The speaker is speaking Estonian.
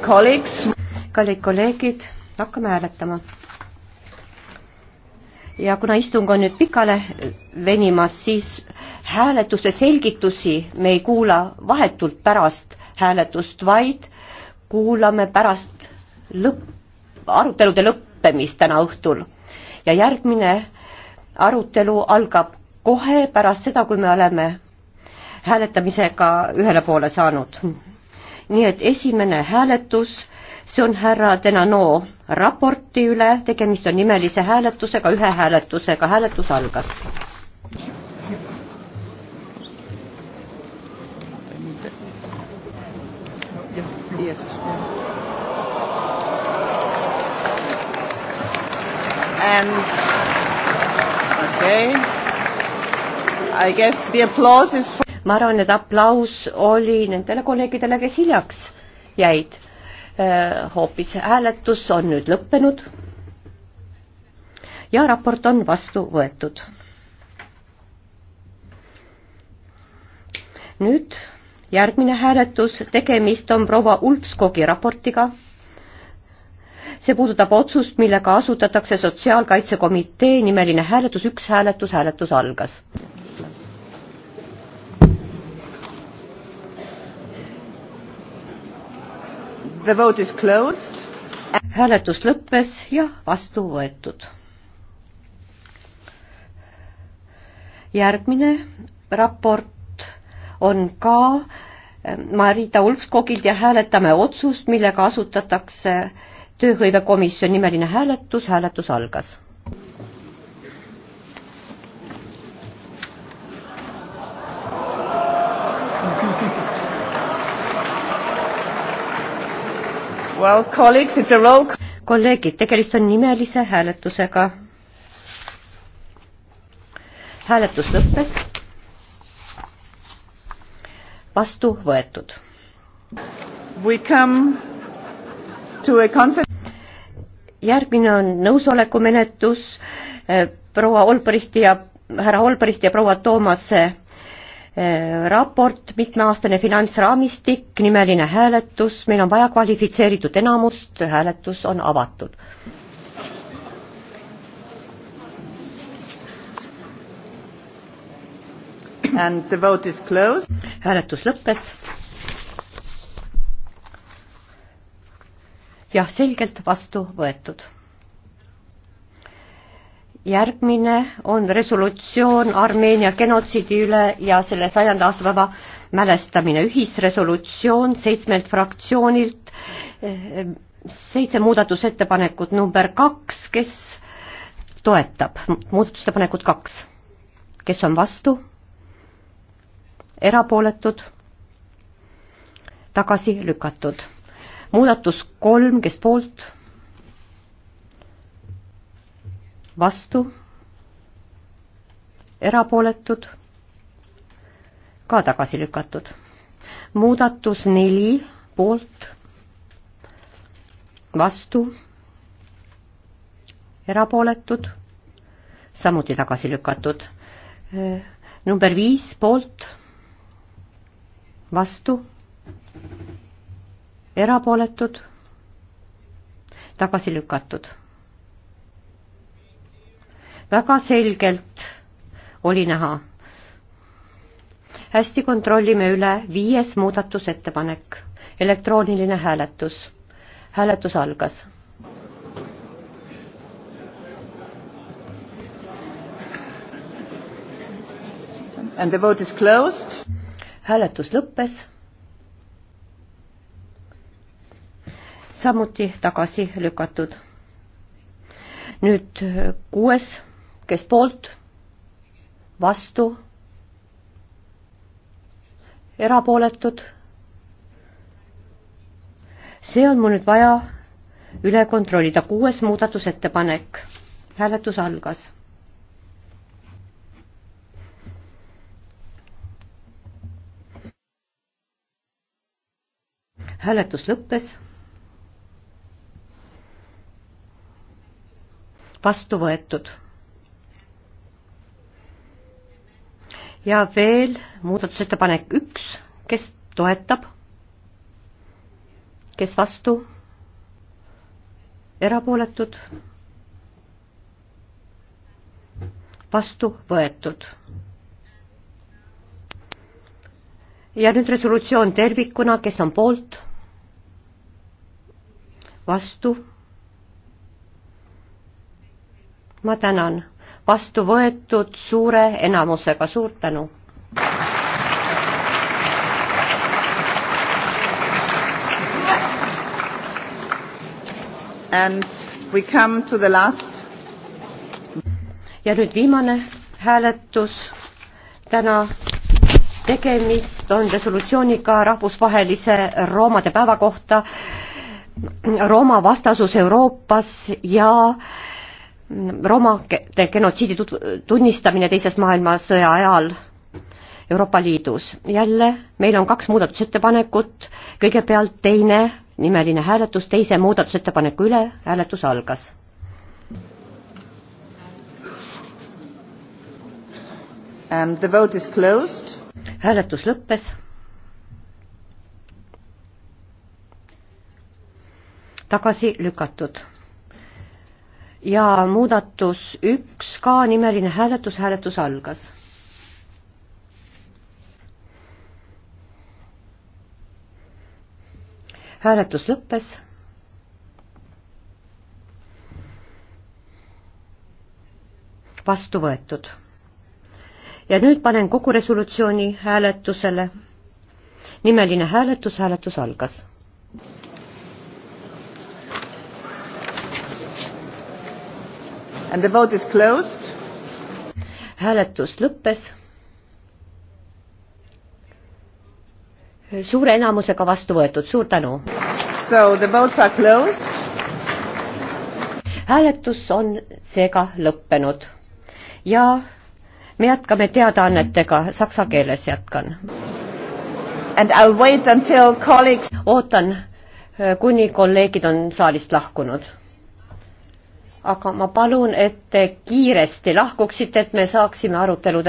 kallid kolleegid, hakkame hääletama. ja kuna istung on nüüd pikale venimas, siis hääletuste selgitusi me ei kuula vahetult pärast hääletust, vaid kuulame pärast lõpp, arutelude lõppemist täna õhtul. ja järgmine arutelu algab kohe pärast seda, kui me oleme hääletamisega ühele poole saanud nii et esimene hääletus, see on härra Denano raporti üle, tegemist on nimelise hääletusega, ühe hääletusega, hääletus algas. Yes. And okay, I guess the applause is for ma arvan, et aplaus oli nendele kolleegidele, kes hiljaks jäid. Äh, hoopis hääletus on nüüd lõppenud ja raport on vastu võetud. nüüd järgmine hääletus, tegemist on proua Ulfskogi raportiga. see puudutab otsust, millega asutatakse Sotsiaalkaitsekomitee nimeline hääletus, üks hääletus, hääletus algas The vote is closed. hääletus lõppes ja vastu võetud. järgmine raport on ka ähm, Marita Ulfskogilt ja hääletame otsust, millega asutatakse tööhõivekomisjoni nimeline hääletus, hääletus algas Well, colleagues, it's a roll kolleegid, tegemist on nimelise hääletusega. hääletus lõppes. vastu võetud. We come to a concept järgmine on nõusolekumenetlus eh, proua Olbrichti ja härra Olbrichti ja proua Toomase Äh, raport, mitmeaastane finantsraamistik, nimeline hääletus, meil on vaja kvalifitseeritud enamust, hääletus on avatud. And the vote is closed. hääletus lõppes. jah, selgelt vastu võetud järgmine on resolutsioon Armeenia genotsiidi üle ja selle sajanda aastapäeva mälestamine, ühisresolutsioon seitsmelt fraktsioonilt, seitse muudatusettepanekut, number kaks, kes toetab, muudatusettepanekut kaks, kes on vastu, erapooletud, tagasi lükatud, muudatus kolm, kes poolt vastu, erapooletud, ka tagasi lükatud. muudatus neli poolt, vastu, erapooletud, samuti tagasi lükatud. number viis poolt, vastu, erapooletud, tagasi lükatud väga selgelt oli näha. hästi kontrollime üle viies muudatusettepanek, elektrooniline hääletus. hääletus algas. And the vote is closed. hääletus lõppes. samuti tagasi lükatud. nüüd kuues kes poolt, vastu, erapooletud. see on mul nüüd vaja üle kontrollida, kuues muudatusettepanek, hääletus algas hääletus lõppes. vastu võetud ja veel muudatusettepanek üks, kes toetab, kes vastu, erapooletud, vastu võetud. ja nüüd resolutsioon tervikuna, kes on poolt, vastu. ma tänan vastu võetud suure enamusega, suur tänu! And we come to the last ja nüüd viimane hääletus täna tegemist on resolutsiooniga rahvusvahelise roomade päeva kohta Rooma vastasus Euroopas ja romade genotsiidi tunnistamine teisest maailmasõja ajal Euroopa Liidus. jälle, meil on kaks muudatusettepanekut, kõigepealt teine nimeline hääletus teise muudatusettepaneku üle, hääletus algas. And the vote is closed. hääletus lõppes. tagasi lükatud ja muudatus üks ka nimeline hääletus, hääletus algas. hääletus lõppes. vastu võetud. ja nüüd panen kogu resolutsiooni hääletusele. nimeline hääletus, hääletus algas. And the vote is closed. hääletus lõppes. suure enamusega vastu võetud, suur tänu. So the votes are closed. hääletus on seega lõppenud ja me jätkame teadaannetega, saksa keeles jätkan. And I will wait until colleagues ootan, eh, kuni kolleegid on saalist lahkunud aga ma palun, et te kiiresti lahkuksite, et me saaksime arutelud